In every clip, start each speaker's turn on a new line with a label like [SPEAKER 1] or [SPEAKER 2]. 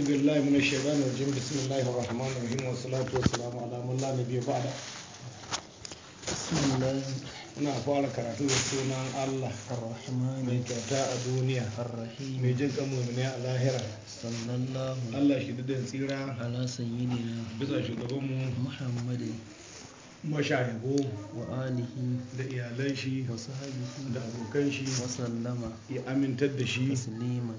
[SPEAKER 1] أعوذ بالله من الشيطان الرجيم بسم الله الرحمن الرحيم والصلاة والسلام على من لا نبي بعد بسم الله ina fara karatu da sunan Allah Ar-Rahman mai kyauta a duniya Ar-Rahim mai jin kan mu'mini a lahira sallallahu Allah shi da tsira ala sayyidina bisa muhammadu. mashayihu wa alihi da iyalan shi wa da abokan shi wa sallama ya amintar da shi taslima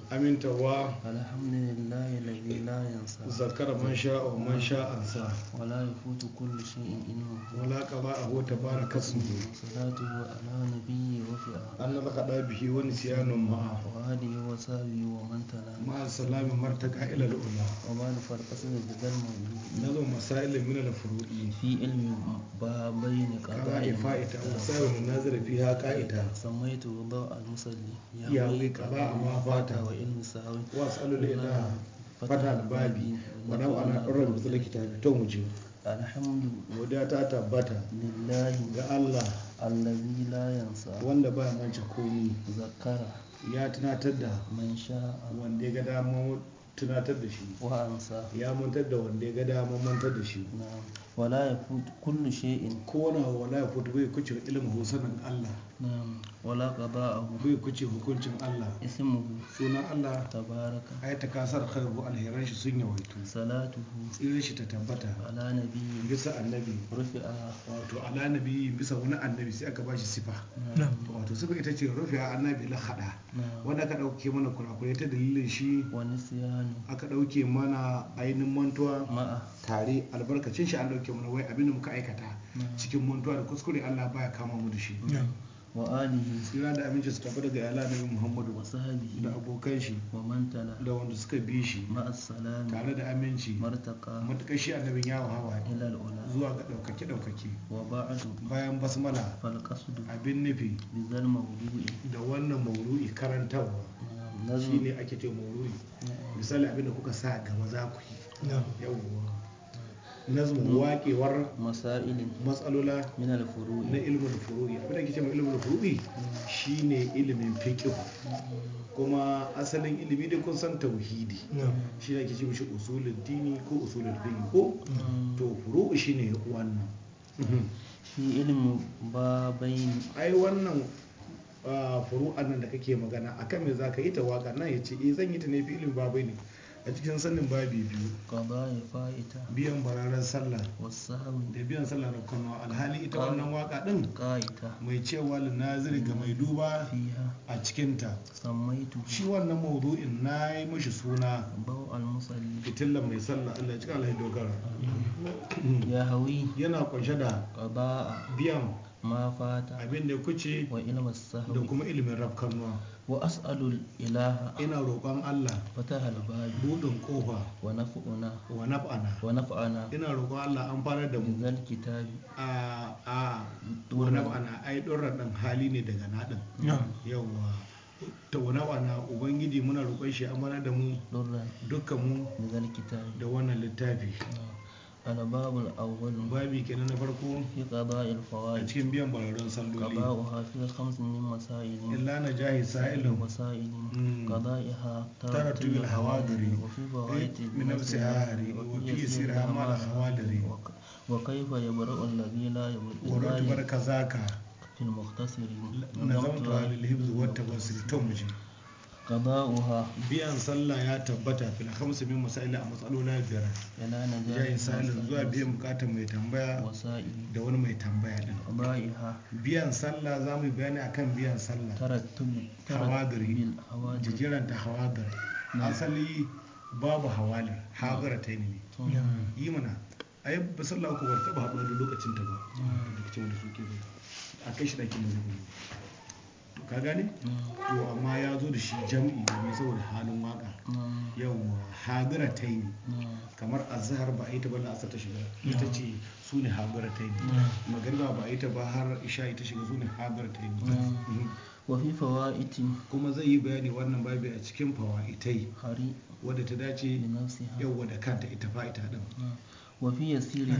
[SPEAKER 1] wa. alhamdulillahi alladhi la yansa zakara man sha'a wa man sha'a ansa wa la yafutu kullu shay'in innahu wa la qada'ahu tabaraka ismuhu salatu wa ala nabiyyi wa fi an laqada bihi wani nisyanun ma'a wa alihi wa sahbihi wa man tala ma salami martaka ila al-ula wa ma farqasin bidal mawdu nazo masail ilimin al-furu'i fi ba. بابين قضاء فائتة وسائر to godiya ta tabbata lillahi ga Allah wanda ba manci komi zakara ya tunatar da man sha wanda ya ga damar tunatar da shi ya mantar da wanda ya ga damar da shi wala ya futu kullu shay'in kowane wala ya futu bai kuce ilmu sanin Allah na'am wala qada'ahu bai kuce hukuncin Allah ismuhu sunan Allah tabaraka ai ta kasar khairu alheran shi sun yawaitu Salatu tsirin shi ta tabbata ala nabi bisa annabi rufi'a wato ala nabi bisa wani annabi sai aka bashi sifa wato sifa ita ce rufi'a annabi la hada wanda aka dauke mana kurakurai ta dalilin shi wani siyanu aka dauke mana ainihin mantuwa ma'a tare albarkacin shi an dauke mana wai abinda muka aikata mm. cikin mantuwa da kuskure Allah baya kama mu da shi wa alihi sira da aminci su tafi ga yala nabi muhammadu wa da abokan shi wa mantala da wanda suka bi shi ma'assalam tare da aminci martaka matuƙar shi annabin yawo hawa ilal ula zuwa ga daukake daukake wa ba'adu bayan basmala fal qasdu abin nufi mawdu'i da wannan mawdu'i karantawa shine ake ce mawdu'i misali abin da kuka sa gaba za ku yi yawwa nazmu waƙewar matsalola na ilimin furu'i abin da ke ce mai ilimin furu'i shine ilimin fiqh kuma asalin ilimi da kun san tauhidi shi ne ke ce mishi usulul dini ko usulul fiqh ko to furu'i shine wannan shi ilimin babain ai wannan furu'an nan da kake magana akan me zaka yi ta waka nan yace eh zan yi ta ne fi ilimin babain ne a cikin sanin babi biyu biyan bararan sallah da biyan sallah kano. alhali ita wannan waka din mai cewa na ga mai duba a cikinta. ta shi wannan na nayi mishi suna bau mai sallah Allah cikin dogara yana kunshe da biyan abin da kuce da kuma ilimin rafkanuwa wa as'alul ilaha ina roƙon Allah fata halbabi budun kofa wa naf'una wa naf'ana wa naf'ana ina roƙon Allah an fara da mu zal kitabi a a wa naf'ana ai durran dan hali ne daga nadin yawa naf'ana ubangiji muna roƙon shi an fara da mu dukkan mu da wannan littafi Alababul awwal babi kenan na farko ya a cikin biyan bararren salloli ka ba wa hafiya kamsin min masaili illa na jahi sa'ilin masaili ka ba i ma la hawadiri wa kaifa ya bara allazi la ya mutu wa rabbaka zakka fil mukhtasiri na zamtu alil qada'uha biyan sallah ya tabbata fil khamsi min masail a matsalola biyar yana na jayin sallah zuwa biyan bukatar mai tambaya da wani mai tambaya din biyan sallah za mu bayani akan biyan sallah tarattum hawadiri jigiranta hawadir asali babu hawalir hadira ta ne yi mana ai ba sallah ku bar taba haɗuwa da lokacin ta ba da da suke a kai shi ɗakin da ka gane to amma ya zo da shi jam'i domin saboda halin waka yawwa hadira ta yi kamar azhar ba a yi ta ba la'asar ta shiga ita ce su ne hadira ta yi magariba ba a yi ta ba har isha ita shiga su ne hadira ta yi mm. wafi fawa'iti kuma zai yi bayani wannan babi a cikin fawa'itai wadda ta dace yawwa da kanta ita fa'ita din mm. wa fi yasiri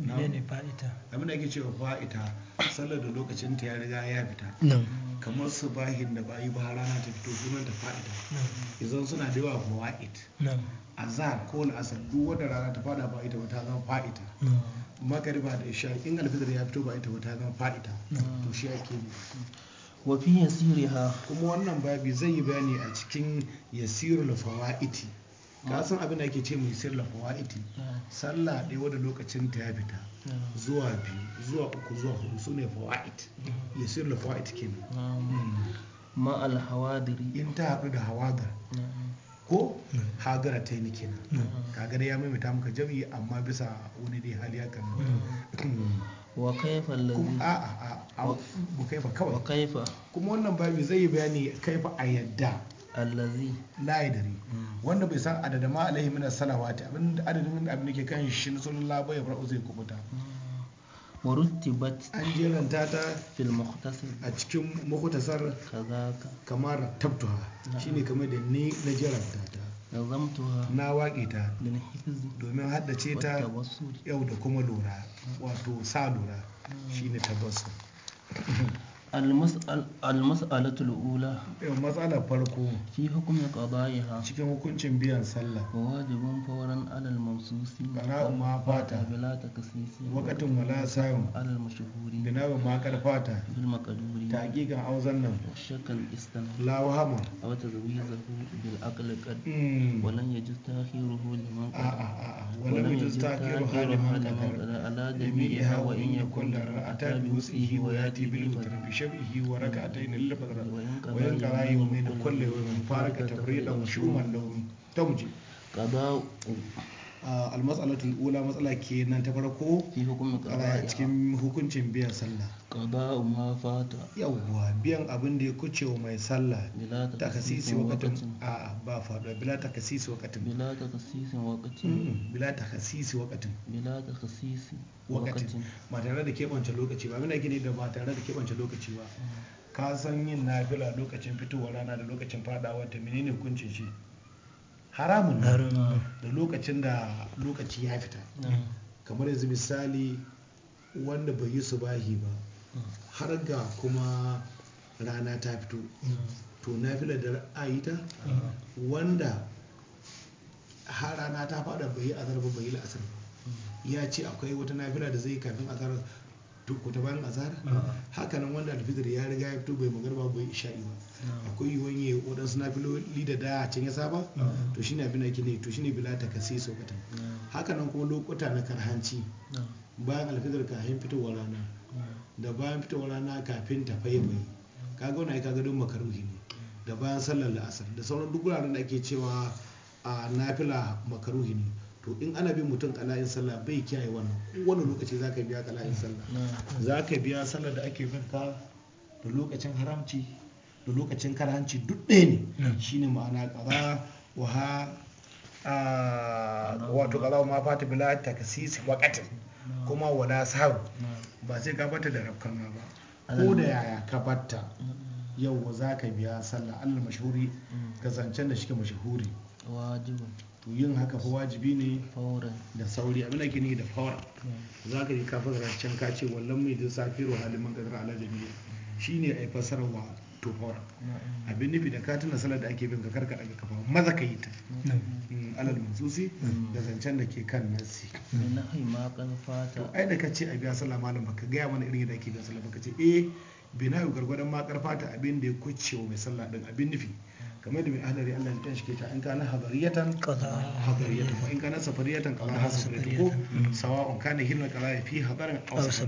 [SPEAKER 1] menene fa'ita abin da ake cewa fa'ita sallar da lokacin ta ya riga ya fita kamar su bahin da bayi ba rana ta fito sunan ta fa'ita idan suna da yawa fawa'it azhar ko asar duk wanda rana ta fada ba ita ba ta zama fa'ita magariba da isha in fitar ya fito ba ita ba ta zama fa'ita to shi ake ne wa siri ha. kuma wannan babi zai yi bayani a cikin yasirul fawa'iti ka san abin da ake ce mai sirla fawaiti sallah ɗaya wadda lokacin ta ya fita zuwa biyu zuwa uku zuwa hudu su ne fawait ya sirla ke nan. Ma'al hawadiri. in ta haɗu da hawadar ko hagara ta yi kenan kaga dai ya maimaita maka jam'i amma bisa wani dai hali ya kan wa kaifa lalli a a a kaifa kawai wa kaifa kuma wannan babu zai yi bayani kaifa a yadda allazi la yadri hmm. wanda bai san adadin ma alaihi min salawati abin adadin abin da ke kan shi na la bai fara uzai kubuta murtibat hmm. an jeranta ta fil muhtasar a cikin muhtasar kazaka kamar tabtuha shine kamar da ni na jeranta ta nazamtuha na waƙe ta domin haddace ta yau da kuma lura wato sa lura hmm. shine tabbasu almas'alatul ula matsala farko fi hukumin ha? cikin hukuncin biyan sallah wa wajibun fawran alal mawsusi qara'u ma fata bila takasisi waqatun wala sa'un alal mashhuri binawu ma fata bil maqduri taqiqan aw zannan shakkal istan la wahama aw tazwizahu bil aql qad wa lan yajuz ta'khiruhu liman qad wa lam yajuz ta'khiruhu liman qad ala jami'iha wa in yakun ra'ata bi wus'ihi wa yati bil mutarabbish شبهه وركعتين الفجر وينقضى يومين كل يوم فارق تفريدا وشوما لهم تمجد قضاء almas'alatul ula matsala kenan ta farko a cikin hukuncin biyan sallah qada ma fata yawwa biyan abin da ya kuce wa mai sallah ta kasisi wakatin a ba fada bila ta kasisi wakatin bila ta kasisi wakatin bila ta kasisi wakatin bila ta kasisi wakatin ba tare da keɓance lokaci ba muna gine da ba tare da keɓance lokaci ba ka san yin nafila lokacin fitowar rana da lokacin fadawa ta menene hukuncin shi haramun da lokacin da lokaci ya fita kamar yanzu misali wanda bai yi su bahi ba har ga kuma rana ta fito to na fila da ra'ayi ta wanda har rana ta fada bai yi azar ba bai yi la'asar ba ya ce akwai wata nafila da zai kafin azar kuta bayan azar hakanan wanda alfijir ya riga ya fito bai magarba bai isha'i ba akwai yiwuwan ya waɗansu na filoli da da can ya saba to shi ne abin da ne to shi ne bila ta kasi saukatan hakanan kuma lokuta na karhanci bayan alfidar kafin fitowar rana da bayan fitowar rana kafin ta faifaye kaga wani kaga don makaruhi ne da bayan sallar da asar da sauran duk wuraren da ake cewa a nafila makaruhi ne to in ana bin mutum kala'in sallah bai kiyaye wannan wani lokaci za ka biya kala'in sallah za ka biya sallar da ake ka da lokacin haramci da lokacin karanci duk ɗaya ne hmm. shine ma'ana kaza wa ha wato kaza ma fata bila taksisi waqatin hmm. kuma wala sahu hmm. ba sai ka bata da rafkan ba ko da yaya ka bata yau za ka biya sallah allah mashahuri ka zancen da shike mashahuri yin haka fa wajibi ne da sauri abin da ke ne da fawar za ka yi kafa zancen ka ce wallan mai da safiru halin man kadar ala ne shine ai fasarwa tofawar eh. abin nufi da katin na salar da ake bin ka karka daga kafa maza ka yi ta mm, alal mansusi da zancen da ke kan nasi to ai da ka ce a biya sallah malam baka gaya mana irin yadda ake biya sallah baka ce eh bina gargwadon makar fata abin da ya kuce wa mai sallah din abin nufi kamar da mai ahlari an ya shi ke ta in kana hadariyatan hadariyatan ko in kana safariyatan kaza ha safariyatan ko sawa'un kana hilna kaza ya fi hadarin aw to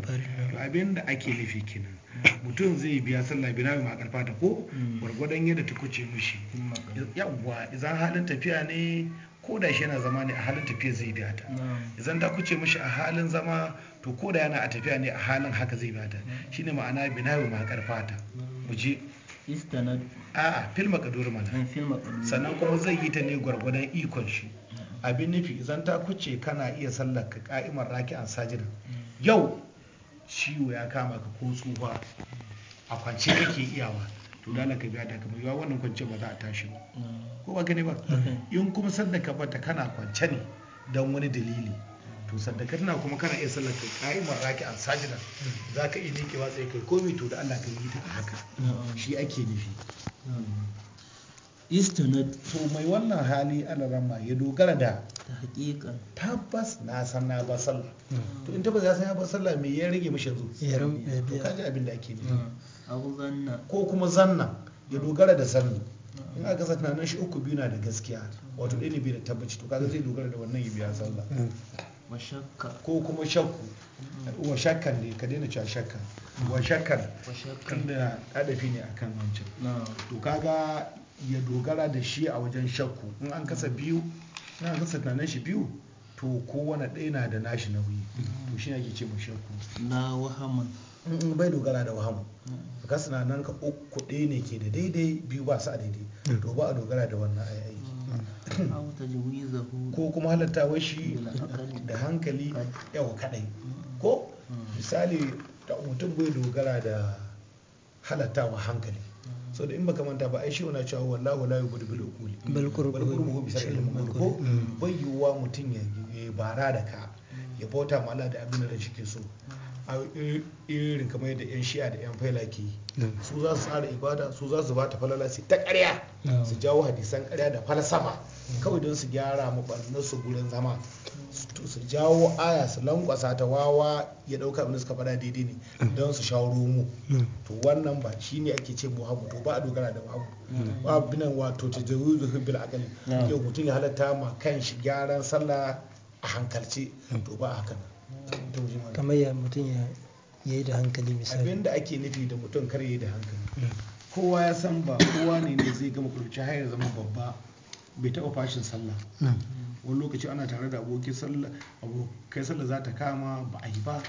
[SPEAKER 1] abin da ake nufi kenan mutum zai biya sallah bina mai makarfa ta ko hmm. gwargwadon yadda ta kuce mishi yawwa idan halin tafiya ne ko da shi yana zama ne a halin tafiya zai biya ta idan ta kuce mishi a halin zama to ko da yana a tafiya ne a halin haka zai biya ta hmm. shine ma'ana bina mai makarfa ta mu je istanadu a'a fil maqdur mana sannan kuma zai yi ta ne gwargwadon ikon shi abin nufi zan ta kuce kana iya sallar ka ka'imar raki raki'an sajidan yau ciwo ya kama ka ko tsufa a kwance kake iyawa to dole ka biya kamar yawa wannan kwance ba za a tashi ba mm. ko ba gani ba in kuma sallar ka bata kana kwance ne don wani dalili to sadaka tana kuma kana iya sallar kai ka'imar raki an sajidan za ka iya miƙewa tsaye kai komi to da Allah ka yi ta a haka shi ake nufi istinad to mai wannan hali rama ya dogara da haƙiƙa tabbas na san na ba sallah to in tabbas ya san ya ba sallah me ya rage mishi yanzu to kaji abin da ake nufi ko kuma zanna ya dogara da Sanni? in aka sa tunanin shi uku biyu na da gaskiya wato ɗaya biyu da tabbaci to kaga zai dogara da wannan ya biya sallah ko kuma shakku wa shakkan ne ka daina cewa shakkan wa shakkan da, adafi ne akan wancan to kaga ya dogara da shi a wajen shakku in an kasa biyu in an kasa tunanin shi biyu to kowane ɗaya na da nashi nauyi to shi ne ake ce mu shakku na wahaman in bai dogara da wahamu hmm. ka kasa nan ka uku ɗaya ne ke da daidai biyu ba su a daidai hmm. to ba a dogara da wannan ayayi. ko kuma wai shi da hankali yawa kadai mm. ko mm. misali da mutum bai dogara da halattawa hankali mm. so da in baka manta ba ai shi wani cewa wallahu wala, yubudu bil uquli bal qurbu bi sharri ko bai yiwuwa mutum ya bara da ka ya bauta ma Allah da abin da shi ke so irin kamar yadda 'yan shi'a da 'yan faila ke su za su tsara ibada su za su ba ta falala su ta karya su jawo hadisan karya da falsafa kawai don su gyara maɓannin su gurin zama su jawo aya su lankwasa ta wawa ya ɗauka abin suka faɗa daidai ne don su shawo mu to wannan ba shi ne ake ce muhabu to ba a dogara da muhabu ba binan wato ta jaru da hibbil akali yau mutum ya halatta ma kan shi gyaran sallah a hankalce to ba a haka nan kamar ya mutum ya yi da hankali misali abin da ake nufi da mutum kar ya yi da hankali hmm. kowa ya san ba kowa ne ne zai gama kurci har ya zama babba bai taɓa fashin sallah hmm. wani lokaci ana tare da abokin sallah abokai sallah za ta kama ba a yi ba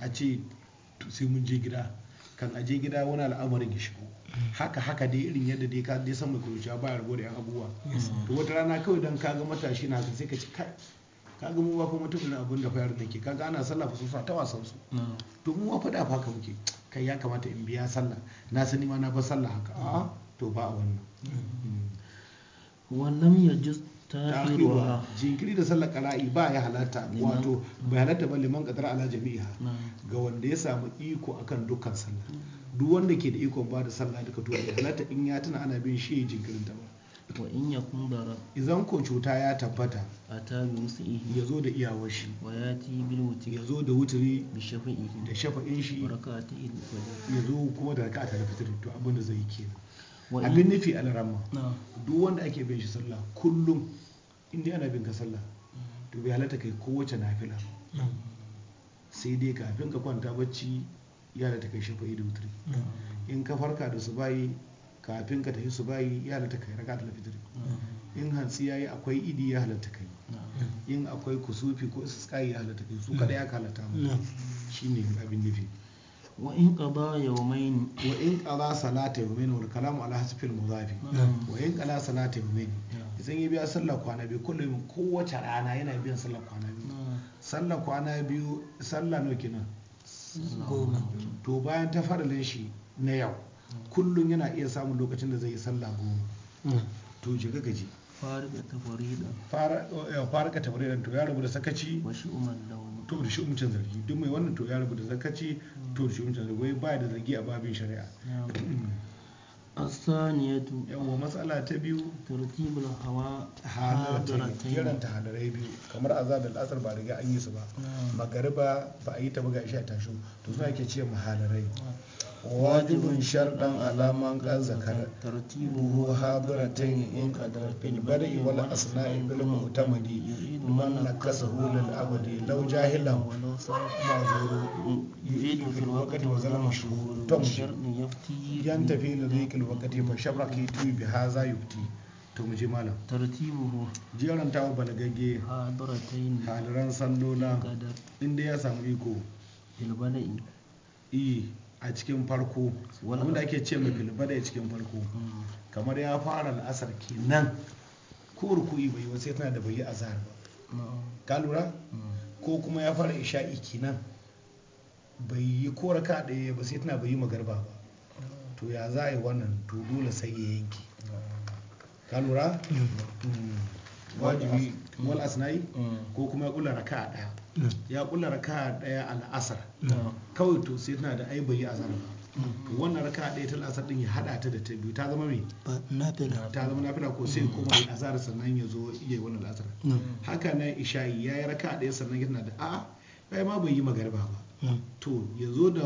[SPEAKER 1] a ce sai mun je gida kan aje gida wani al'amarin ya shigo hmm. haka haka dai irin yadda dai ka dai san mai kurciya ba ya rago da yan abubuwa to wata rana kawai dan ka ga matashi na sai ka ci kaga mu ba kuma tukunan abin da fayar da ke kaga ana sallah fa su sa ta wasan su to mu fa da fa ka muke kai ya kamata in biya sallah na sani ma na ba sallah haka a mm. to ba a wannan mm. mm. wannan ya ji ta'khirwa jinkiri da sallar qara'i ba ya halatta wato bai halatta ba liman qadara ala jami'a ga wanda ya samu iko akan dukkan sallah duk wanda ke da ikon ba da sallah duka to ya halatta in ya tuna ana bin shi jinkirin ta ba wa in yakun dara idan ko cuta ya tabbata a ta bi ihi ya zo da iyawar shi wa ya ti bil wuti ya zo da wuturi, bi shafa'ihi da shafa'in shi raka'ati il fajr ya zo kuma da raka'ata da fitr to abin da zai kenan abin nufi alrama duk wanda ake bin shi sallah kullum inda ana bin ka sallah to bai halatta kai kowace nafila sai dai kafin ka kwanta bacci ya da ta kai shafa'i da wuturi. in ka farka da su bayi kafin ka tafi su bayi ya halatta kai raka da fitri in hantsi yi akwai idi ya halatta kai in akwai kusufi ko istisqai ya halatta kai su kada ya halatta mu ne abin nufi wa in qada yawmayn wa in qada salata yawmayn wal kalamu ala hasbi mudhafi wa in qada salata yawmayn idan ya biya sallar kwana biyu kullum kowace rana yana biyan sallar kwana biyu sallar kwana biyu sallar nawa kenan to bayan ta faralin shi na yau kullum yana iya samun lokacin da zai yi sallah goma to ji gaji farka tafariɗan eh, to ya rabu da sakaci to da shi'umcin zargi duk mai wannan to ya rabu da sakaci to da shi'umcin zargi wai baya da zargi a babin shari'a asaniyatu yawa matsala ta biyu tartibul hawa hadaratayn jiran ta halarai biyu kamar azab da asar ba riga an yi su ba magariba ba a yi ta buga shi a ta shi to suna ke ce mahalarai wajibin sharɗan alaman kan zakar tartibuhu hadiratan in kadar fil bar'i wal asna'i bil mu'tamadi man nakasahu lil abadi law jahilan ma'zuru fil waqti wa zalama shuhur sharɗin yafti yan tafi waqti fa tu bi yufti to mu ji malam tartibuhu ta tawo balagagge hadiratan haliran sallola inda ya samu iko bilbala'i a cikin farko wanda ake ce mai mm. filbada cikin farko mm. kamar ya fara al'asar kenan ko ruku'i bai wasu tana da bai a zahar ba mm. ka lura ko kuma ya fara isha'i kenan bai yi koraka raka ɗaya ba sai tana bai yi magarba ba to ya za a yi wannan to dole sai ya yanke ka lura wajibi wal asnai ko kuma ya kula raka ɗaya ya kula raka daya a la'asar kawai to sai tana da ai bai mm. wannan raka daya ta al'asar din ya hada ta da ta biyu ta zama me nafila ta zama nafila ko sai kuma yi azhar sannan ya zo iya wannan al'asar. haka nan isha'i yi raka daya sannan yana da a kai ma bai yi magariba ba to ya zo da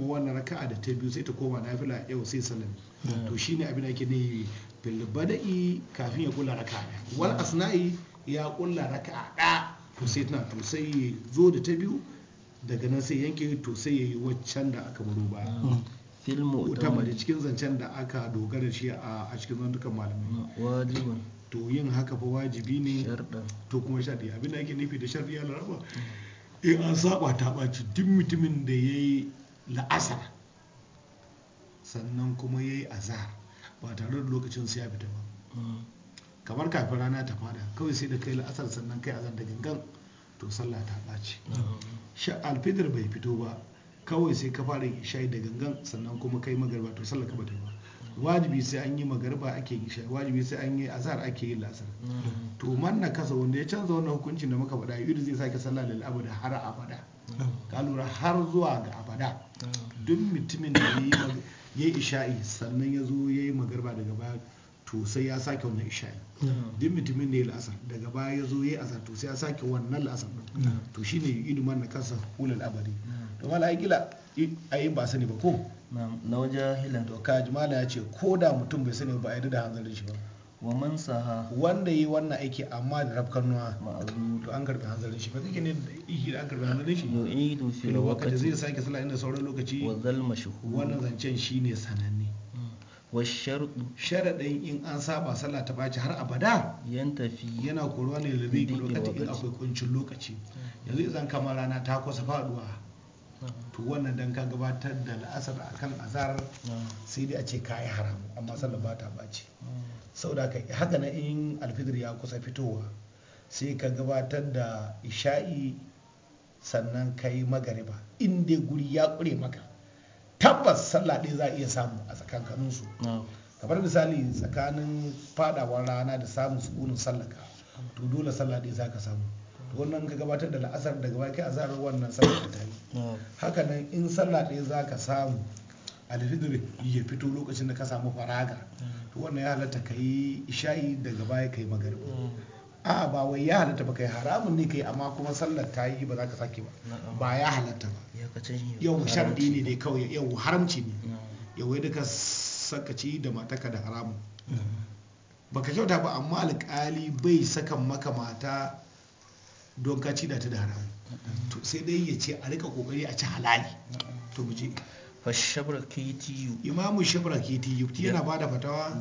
[SPEAKER 1] wannan raka da ta biyu sai ta koma nafila yau sai salami to shine abin da ake ne bil bada'i kafin ya kula raka'a wal asna'i ya kula raka ɗaya to sai tana to sai ya zo da ta biyu daga nan sai yanke to sai ya yi waccan da aka baro ba filmu ta cikin zancen da aka dogara shi a cikin zantukan malamai to yin haka fa wajibi ne to kuma sharɗi abin da ake nufi da sharɗi ya laraba in an saba ta ɓaci duk mutumin da ya yi la'asar sannan kuma ya yi za ba tare da lokacin sai ya fita ba mm. kamar kafin rana ta fada kawai sai da kai la'asar sannan kai azan da gangan to sallah ta ɓaci sha alfitar bai fito ba kawai sai ka fara isha'i da gangan sannan kuma kai magarba to sallah ka bata ba wajibi sai an yi magarba ake yi isha'i wajibi sai an yi azhar ake yi la'asar to man na kasa wanda ya canza wannan hukuncin da muka faɗa yuri zai sake sallah da abada har abada ka lura har zuwa ga abada duk mutumin da ya yi isha'i sannan ya zo ya yi magarba daga baya to sai ya sake wannan isha'i din mutumin ne ya la'asar daga baya ya zo ya asar to sai ya sake wannan la'asar to shine iduman na kansa hulal abadi to mala gila a yi ba sani ba ko na wajen hilan to kaji mala ya ce ko da mutum bai sani ba a yi da hanzarin shi ba wa man saha wanda yi wannan aiki amma da rafkar nuwa to an karbi hanzarin shi ba kake ne da iki da an karbi hanzarin shi yau in yi to fil zai sake sallah inda sauran lokaci wa zal mashhur wannan zancen shine sananne washarudu sharaɗin in an saba sallah ta baci har abada yan tafi yana koruwa ne da zai lokaci in akwai kuncin lokaci hmm. yanzu zan kamar rana ta kusa faduwa hmm. to wannan dan ka gabatar da la'asar kan azar hmm. sai dai a ce kayi haram amma sallah ba ta baci saboda haka haka na in alfidir ya kusa fitowa sai ka gabatar da isha'i sannan ka yi magariba in guri ya kure maka tabbas sallah ɗaya za a iya samu a tsakankanin su kamar misali tsakanin fadawar rana da samun sukunin sallaka to dole sallah ɗaya za ka samu to wannan ka gabatar da la'asar daga baki a zarar wannan sallah ta yi haka nan in sallah ɗaya za ka samu alfidir ya fito lokacin da ka samu faraga mm. to wannan ya halatta ka yi isha'i daga baya ka yi magariba mm. a'a ba wai ya halatta ba kai haramun ne kai amma kuma sallar ta yi ba za ka sake ba ba ya halatta ba yau shardi ne dai kawai yau haramci ne yau da ka sakaci da mataka da haramun baka kyauta ba amma alkali bai saka maka mata don ka ci da ta da haramun to sai dai ya ce a rika kokari a ci halali to mu je fashabrakitiyu imamu KTU yana ba fatawa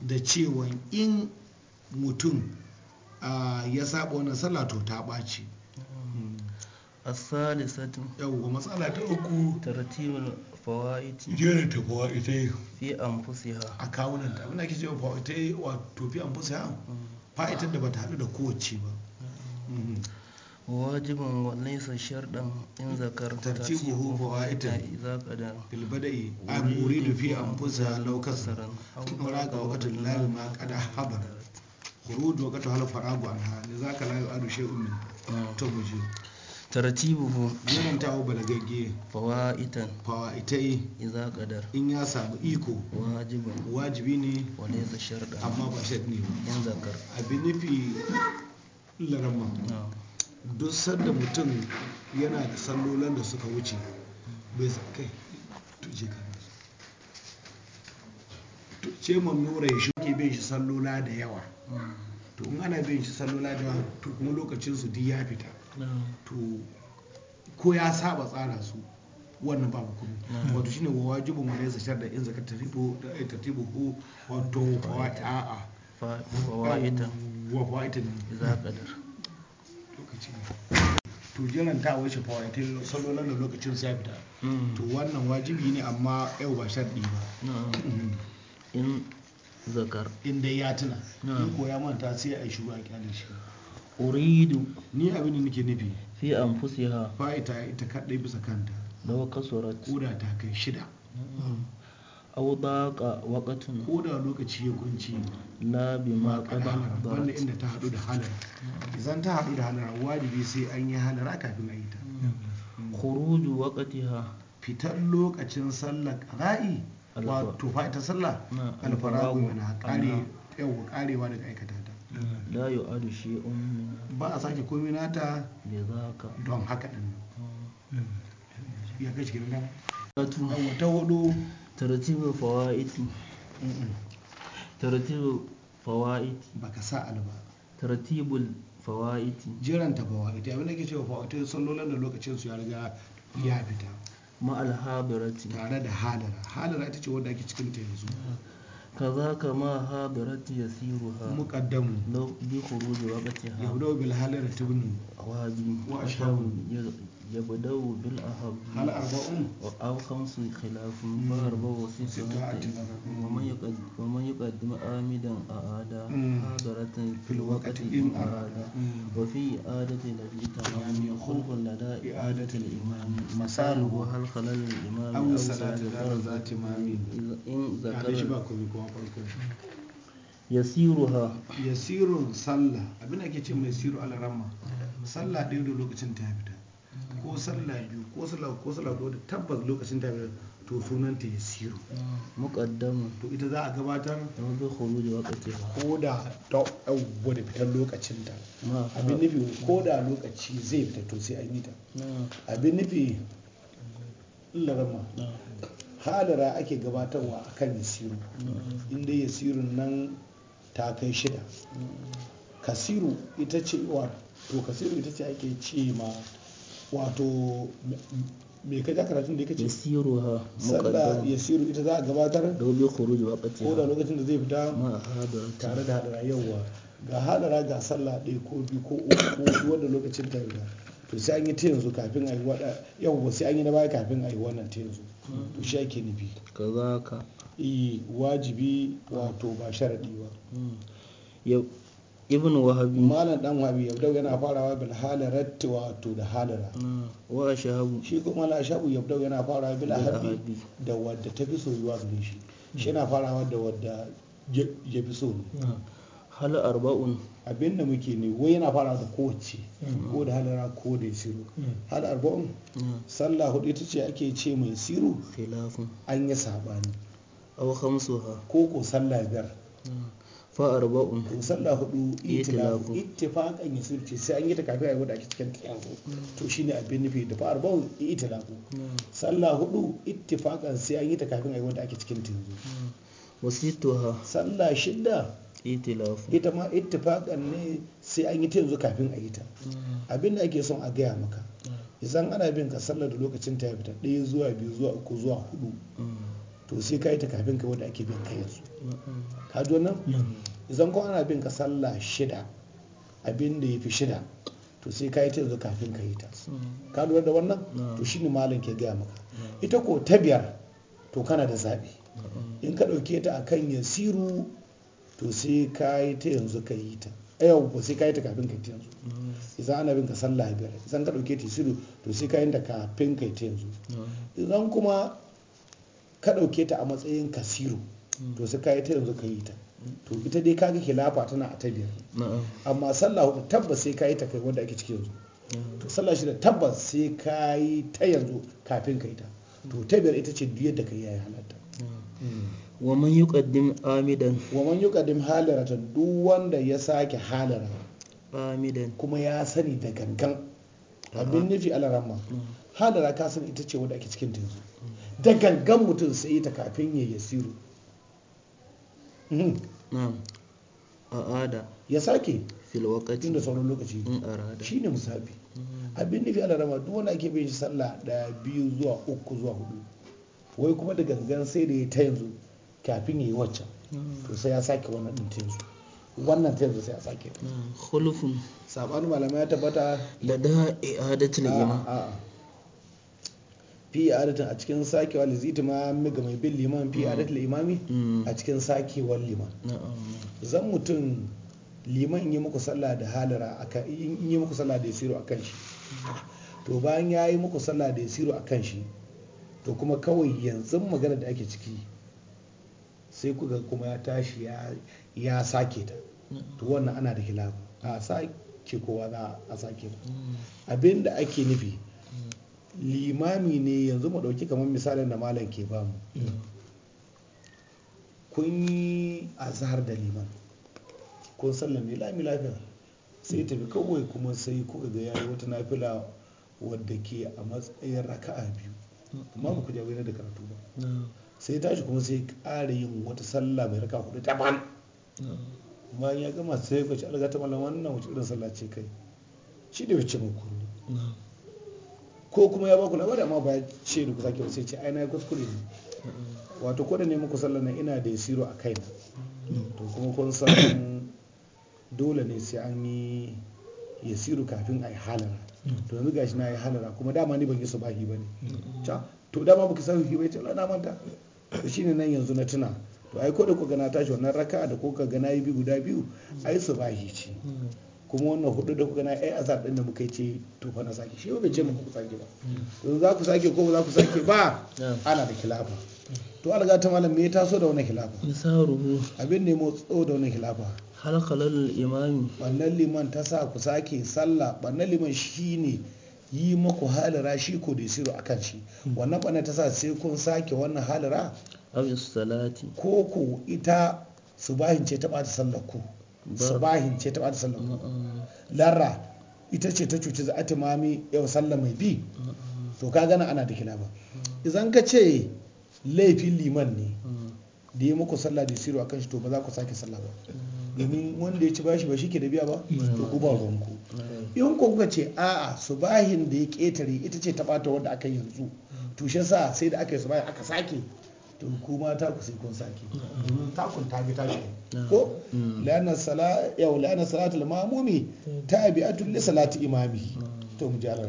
[SPEAKER 1] da cewa in mutum ya saba wannan sallah to ta ɓaci asalisatu yawwa matsala ta uku tartibul fawaiti jere ta fawaitai fi anfusiha a kawunan ta muna ake cewa fawaitai wato fi anfusiha fa'itar da bata haɗu da kowace ba mm-hmm. wajibin walaisa sharɗan in zakar tartibuhu fawaita idza qada fil bada'i am uridu fi anfusiha law kasara aw raqa waqtan la ma qada habara kurudu ka ta halafa ragu an ha ne za ka layu adu shi umin hmm. to mu je tartibuhu yawan tawo balagagge fawaitan fawaitai ita yi in ya samu iko wajibin wajibi ne wa laysa sharda amma ba shart ne ba in zakar abin nufi larama hmm. duk sanda mutum yana da sallolan da suka wuce bai kai tuje ka sai mamnura ya shuke bai shi sallola da yawa to in ana bin shi sallola da yawa to kuma lokacin su duk ya fita to ko ya saba tsara su wannan babu kuma wato shine wa wajibin wa laysa da in zakat taribu tartibu eh, ko wato wata, a'a a wa fawaita za kadar lokacin to jiran ta wace fawaitin salolan da lokacin sai fita hmm. to wannan wajibi ne amma yau ba sharɗi ba hmm. in zakar in dai ya tuna in ko ya manta sai a yi shuru a kyale shi uridu ni abin da nake nufi fi anfusiha fa ita ita kadai bisa kanta law kasurat koda ta kai shida aw daqa waqtun koda lokaci ya kunci Na bi ma qada wanda inda ta hadu da halar idan ta hadu da halar wajibi sai an yi halar kafin a yi ta khuruju waqtiha fitar lokacin sallar qada'i wato fa sallah alfaragu mana kare karewa daga aikata ba a sake komai nata don haka din ya kashi ta hudu tartibul sa alba jiranta fawaiti abin da ke cewa fawaid sallolin da lokacinsu ya riga ya fita ma'al tare da hadara hadara ita ce wanda ake cikin ta yanzu kaza kama hadirati yasiruha muqaddamu law bi khuruji waqtiha yabda bil hadirati ibn wajibi wa ashabu يبدأ بالأهب هل أو خمس خلاف فأربع وست ومن ومن يقدم آمدا أعادى حاضرة في الوقت إن أراد وفي إعادة الذي تمام خلق لدى إعادة الإمام مساله هل خلل الإمام أو صلاة غير ذات إمام إن ذكر yasiruha yasirun sallah abin ake ce mai siru alarama sallah ɗaya da lokacin ta fita ko sallah biyu ko sallah ko sallah ko da tabbas lokacin ta to sunan ta yasiru muqaddama to ita za a gabatar da wani khuruj waqti ko da ta awwa da fitar lokacin ta abin nufi ko da lokaci zai fita to sai an yi ta abin nufi larama halara ake gabatarwa akan yasiru inda yasirun nan ta kai shida kasiru ita ce to kasiru ita ce ake ce ma wato me ka ja karatun da ya kace yasiru ha muqaddam yasiru ita za a gabatar da bi khuruj waqti ko da lokacin da zai fita ma tare da hadara yawa ga hadara ga sallah ɗaya ko biyu ko uku ko wanda lokacin ta fita to sai an yi ta yanzu kafin a yi wada yawa sai an yi na baya kafin a yi wannan ta yanzu to shi ake nufi kazaka eh wajibi wato ba sharadi ba ibn wahabi malam dan wahabi yabdau yana farawa bil halarat wato da halara wa shahabu shi kuma la shahabu yabdau yana farawa bil habbi da wadda ta fi soyuwa gare shi hmm. shi yana farawa da wadda ya fi so ne hal arba'un abin da muke ne wai yana farawa da kowace hmm. ko da halara ko da siru hmm. hal arba'un sallah hudu ita ce ake ce mai siru an yi sabani aw khamsuha ko ko sallah biyar fa arba'un sallah hudu itilafu ittifaqan yusulci sai an yi ta kafin a yi ake cikin kiyafu to shine abin nufi da fa arba'un itilafu sallah hudu ittifaqan sai an yi ta kafin a yi ake cikin tinzu wasituha sallah shidda itilafu ita ma ittifaqan ne sai an yi ta yanzu kafin a yi ta abin da ake son a gaya maka idan ana bin ka sallar da lokacin ta fita ɗaya zuwa biyu zuwa uku zuwa hudu to sai ka yi ta kafin ka wanda ake bin ka yanzu ka ji wannan mm. idan kuma ana bin ka sallah shida abin da ya fi shida to sai ka yi ta yanzu kafin ka yi ta ka lura da wannan to shi ne malam ke gaya maka ita ko ta biyar to kana da zaɓi in ka ɗauke ta a kan yasiru to sai ka yi ta yanzu ka yi ta yau ko sai ka yi ta kafin ka yi ta yanzu idan ana bin ka sallah biyar idan ka ɗauke ta yasiru to sai ka yi ta kafin ka yi ta yanzu idan kuma ka ɗauke ta a matsayin kasiru to sai ka yi ta yanzu ka yi ta to ita dai kage khilafa tana a tabiya amma sallah hudu tabbas sai kayi ta kai wanda ake ciki yanzu to sallah shida tabbas sai kayi ta yanzu kafin kai ta to tabiyar ita ce duk yadda kai yayi halatta wa man yuqaddim amidan wa man yuqaddim halaratan duk wanda ya sake halara amidan kuma ya sani da gangan abin nufi alaramma halara ka san ita ce wanda ake cikin ta yanzu da gangan mutum sai ta kafin yayi yasiru Hmm. na'am a'ada ya sake fil waqti inda sauran lokaci in hmm, arada shine musafi hmm. abin nufi ala rama duk wanda ake bin shi sallah da biyu zuwa uku zuwa hudu wai kuma da gangan sai da ya ta yanzu kafin ya yi wacce to sai ya sake wannan din ta yanzu wannan ta yanzu sai ya sake khulufun sabanin malamai ya tabbata da da i'adatul iman fi adatin a cikin sakewa ma miga mai bin liman fi adatin mm. limami mm. a cikin sakewar liman mm. zan mutum liman yi muku sallah da halara in yi muku sallah da ya siro a kan shi to bayan ya yi muku sallah da ya siro a kan shi to kuma kawai yanzu magana da ake ciki sai kuka kuma ya tashi ya sake ta to wannan ana da hilafa a sake kowa za a sake ta abinda ake nufi limami ne yanzu mu ɗauki kamar misalin da malam ke ba mu. kun yi azahar da liman kun sallame lami lafiya sai tafi kawai kuma sai kuka ga yayi wata nafila wadda ke a matsayin raka'a biyu amma ba ku da karatu ba sai tashi kuma sai ƙara yin wata sallah mai raka hudu ta ban bayan ya gama sai ya kwaci ta malam wannan wacce irin sallah ce kai shi da wacce makuru ko kuma ya baku labari amma ba ya ce da ku sake sai ce ai na kuskure ne wato ko da ne muku sallar nan ina da yasiro a kaina to kuma kun san dole ne sai an yi yasiru kafin a yi halara to yanzu gashi na yi halara kuma dama ni ban yi su ba ne to dama baki san hi bai ce na manta to shine nan yanzu na tuna to ai ko da ku na tashi wannan raka'a da kuka gana yi bi guda biyu ai su ba hi ce kuma wannan hudu da kuka na ai azar din da muka ce to fa na sake shi ba bai ce ku sake ba to hmm. za ku sake ko za ku sake ba hmm. ana da khilafa to alga ta malam me ya taso da wannan khilafa misaruhu abin ne tso da wannan khilafa halqalal imami wannan liman ta sa ku sake sallah wannan liman shine yi maku halira shi ko da a akan shi hmm. wannan ɓanar ta sa sai kun sake wannan halira ko ko ita su bahin ce ta ɓata sallar ku sabahin ce ta bata sallar mm, mm. larra ita ce ta cuci za a timami yau sallar mai bi mm, to ka gana ana da kilaba. idan ka ce laifin liman ne da ya muku sallah da siro akan shi to ba za ku sake sallah ba domin wanda ya ci bashi ba shi ke da biya ba to ku ba ronku in ku kuka ce a'a subahin da ya ketare ita ce ta bata wanda aka yanzu to sa sai da aka yi subahin aka sake to kuma mata ku sai kun sake domin takun ta bi ta tashi ko la'anna sala yau la'anna salatul mamumi tabi'atu li salati imami to mu jalar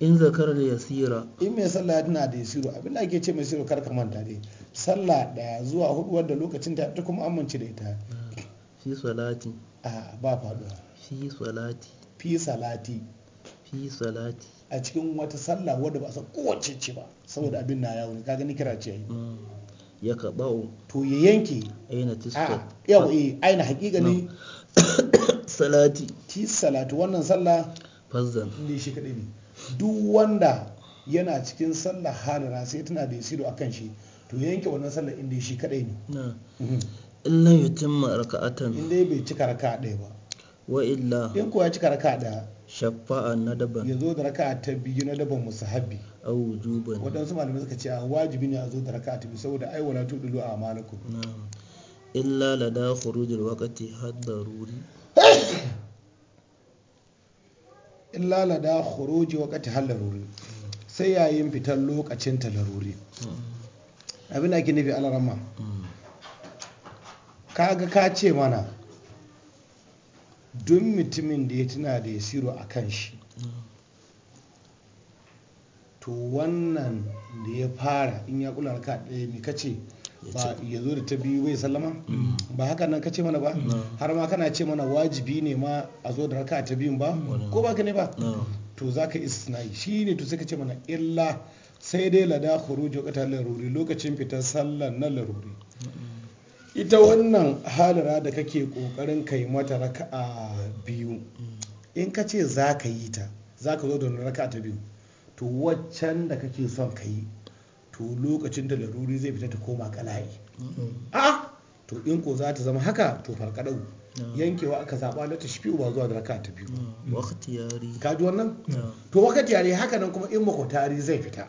[SPEAKER 1] in zakar da yasira in mai sallah tana da yasiru abin da ake ce mai yasiru kar ka manta dai sallah daya zuwa hudu wadda lokacin ta ta kuma amince da ita fi salati a ba faduwa fi salati fi salati fi salati a cikin wata sallah wadda ba a san kowace ce ba saboda abin na yawo ne ka gani kira ce yi mm. ya kaɓa'u to ya yanke aina tisfat yau eh aina hakikani salati ti salatu wannan sallah fazzan ne shi kadai ne duk wanda yana cikin sallah halira sai tana da yasiru kan shi to ya yanke wannan sallah inda shi kadai ne mhm. illa yutimma raka'atan inda bai cika raka'a ɗaya ba wa illa in ko ya cika raka'a ɗaya shafa'a na daban ya zo da raka'a ta biyu na daban musahabi au wujuban waɗansu malamai suka ce a wajibi ne a zo da raka'a ta biyu saboda ai wala tudulu a malaku na'am illa da khurujul waqti haddaruri illa da khuruji waqti haddaruri sai yayin fitar lokacin ta laruri hmm. abin da ake nufi alarama hmm. ga ka ce mana duk mutumin da ya tuna da ya siro a kan shi to wannan da ya fara in ya kula ka ɗaya mai kace ba ya zo da ta biyu bai sallama mm. ba haka nan kace mana ba har ma kana ce mana wajibi ne ma a zo da raka ta biyun ba ko ba ka ne ba to za ka isnai shi ne to sai ka ce mana illa sai dai lada khuruj wa qatal laruri lokacin fitar sallar na laruri ita wannan halara da kake kokarin kai mata raka'a biyu in ka ce za ka yi ta za ka zo da raka'a ta biyu to waccan da kake son ka yi to lokacin da laruri zai fita ta koma kala'i mm-hmm. a to in ko za ta zama haka to farkaɗau yankewa aka zaɓa na tashfi'u ba zuwa da raka ta biyu mm. ka ji wannan to wakati yare haka nan kuma in makwatari zai fita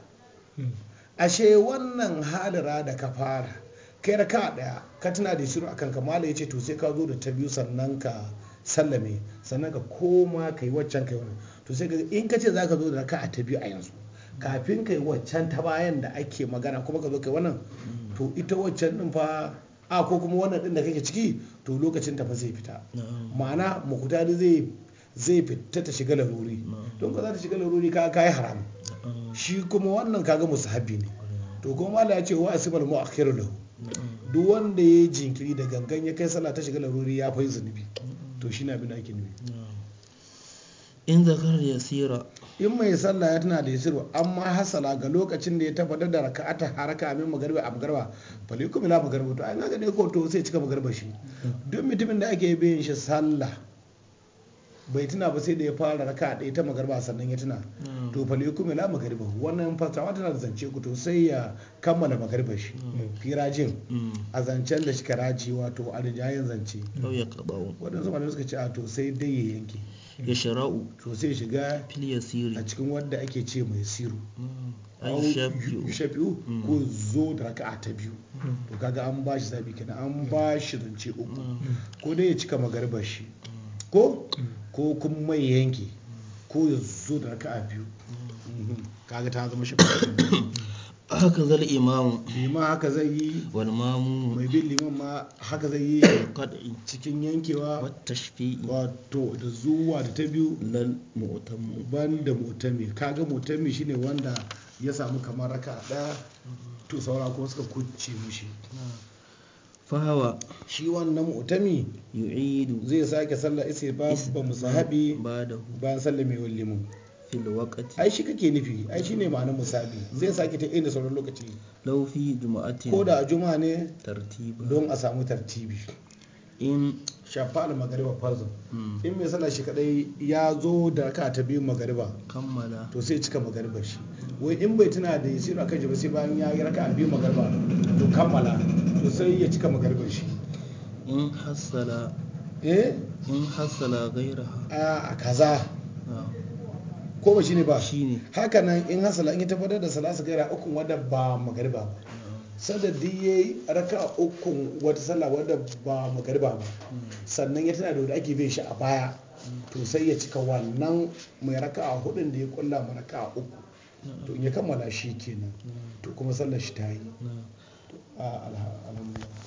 [SPEAKER 1] mm. ashe wannan halara da ka fara kai raka'a ɗaya ka tuna da shiru akan ka mala ya ce to sai ka zo da ta biyu sannan ka sallame sannan ka koma ka yi waccan ka yi wannan to sai ka in ka ce za ka zo da ka a ta biyu a yanzu kafin ka yi waccan ta bayan da ake magana kuma ka zo ka yi wannan to ita waccan din fa a ko kuma wannan din da kake ciki to lokacin ta fa zai fita ma'ana mukutari zai zai fita ta shiga laruri don ka za ta shiga laruri ka yi haram shi kuma wannan kaga musahabi ne to kuma Allah ya ce wa asibal mu'akhiru lahu duk wanda ya jinkiri da gangan ya kai sallah ta shiga laruri ya fai zunubi to shi na bin ake nufi in zakar ya sira in mai sallah ya tana da yasiru amma hasala ga lokacin da ya tabbatar da raka'ata haraka amin magarba a magarba falikum ila magarba to ai ga ne ko to sai cika magarba shi duk mutumin da ake bin shi sallah bai tuna ba sai da ya fara raka ɗaya ta magarba sannan ya tuna mm. to fa kuma la garba wannan fatawa tana da zance ku to sai ya kammala magariba shi mm. firajin mm. a zancen da ka raji wato a rijayen zance waɗansu da suka ce a to sai dai ya yanke ya shara'u to sai shiga a cikin wanda ake ce mai siru shafi'u ko zo da raka'a ta biyu to kaga an ba shi zabi kenan an ba shi zance uku ko dai ya cika magarbar shi ko mm. ko kun mai yanke ko ya zo da raka'a biyu mm. Mm. kaga ta zama shi haka zai imamu liman haka zai yi wal mamu mai bin liman ma haka zai yi cikin yankewa wa tashfi'i wato da zuwa da ta biyu Nan mu'tamu banda mu'tami kaga mu'tami shine wanda ya samu kamar raka daya to saura ko suka kucce mushi ah. fahawa shi wannan mutami yu'idu zai sake sallar istighfar ba musahabi bayan sallar mai wallimu fil ai shi kake nufi ai shine ma'anar musabi zai sake ta inda sauran lokaci laufi juma'ati ko da juma'a ne don a samu tartibi in shafa al magariba farzu hmm. in mai sallar shi kadai ya zo da ka ta biyu magariba kammala to sai cika magaribar shi wai in bai tuna da yasir a kanshi ba sai bayan ya yi raka biyu magarba to kammala to sai ya cika magarbar shi in hassala eh in hassala gaira. a kaza ah. ko ba shine ba shine haka nan in hasala in ya tabbatar da salasa gaira ukun wadda ba magariba ba ah. sanda da ya yi raka uku ukun wata sallah wadda ba magariba ba hmm. sannan ya tana da wadda ake bin shi a baya hmm. to sai ya cika wannan mai raka a hudun da ya kulla mai raka a uku to in ya kammala shi kenan to kuma sallar shi ta yi alhamdulillah